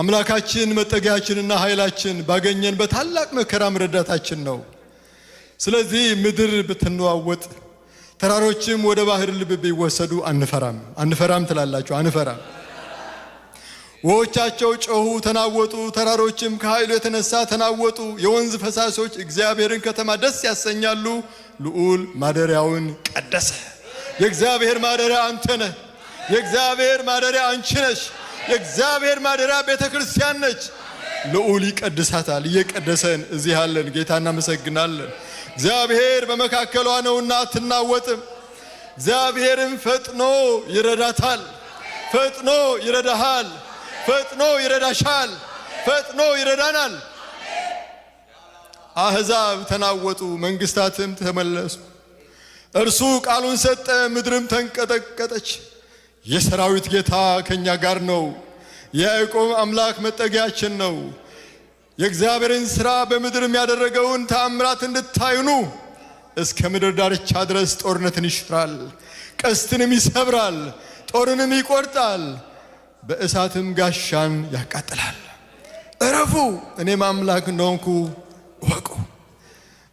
አምላካችን መጠጊያችንና ኃይላችን ባገኘን በታላቅ መከራም ረዳታችን ነው። ስለዚህ ምድር ብትነዋወጥ ተራሮችም ወደ ባህር ልብ ቢወሰዱ አንፈራም። አንፈራም ትላላችሁ፣ አንፈራም። ውኆቻቸው ጮኹ፣ ተናወጡ። ተራሮችም ከኃይሉ የተነሳ ተናወጡ። የወንዝ ፈሳሾች እግዚአብሔርን ከተማ ደስ ያሰኛሉ። ልዑል ማደሪያውን ቀደሰ። የእግዚአብሔር ማደሪያ አንተ ነህ። የእግዚአብሔር ማደሪያ አንቺ ነሽ። የእግዚአብሔር ማደሪያ ቤተ ክርስቲያን ነች። ልዑል ይቀድሳታል። እየቀደሰን እዚህ አለን። ጌታ እናመሰግናለን። እግዚአብሔር በመካከሏ ነውና አትናወጥም። እግዚአብሔርም ፈጥኖ ይረዳታል። ፈጥኖ ይረዳሃል። ፈጥኖ ይረዳሻል። ፈጥኖ ይረዳናል። አሕዛብ ተናወጡ፣ መንግስታትም ተመለሱ። እርሱ ቃሉን ሰጠ፣ ምድርም ተንቀጠቀጠች። የሰራዊት ጌታ ከእኛ ጋር ነው። የያዕቆብ አምላክ መጠጊያችን ነው። የእግዚአብሔርን ሥራ በምድርም ያደረገውን ተአምራት እንድታዩኑ እስከ ምድር ዳርቻ ድረስ ጦርነትን ይሽራል፣ ቀስትንም ይሰብራል፣ ጦርንም ይቆርጣል፣ በእሳትም ጋሻን ያቃጥላል። እረፉ፣ እኔም አምላክ እንደሆንኩ እወቁ።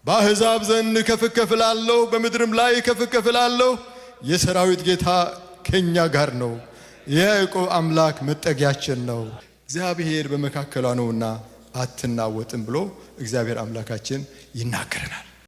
በአሕዛብ ዘንድ ከፍ ከፍ እላለሁ፣ በምድርም ላይ ከፍ ከፍ እላለሁ። የሰራዊት ጌታ ከእኛ ጋር ነው። የያዕቆብ አምላክ መጠጊያችን ነው። እግዚአብሔር በመካከሏ ነውና አትናወጥም ብሎ እግዚአብሔር አምላካችን ይናገረናል።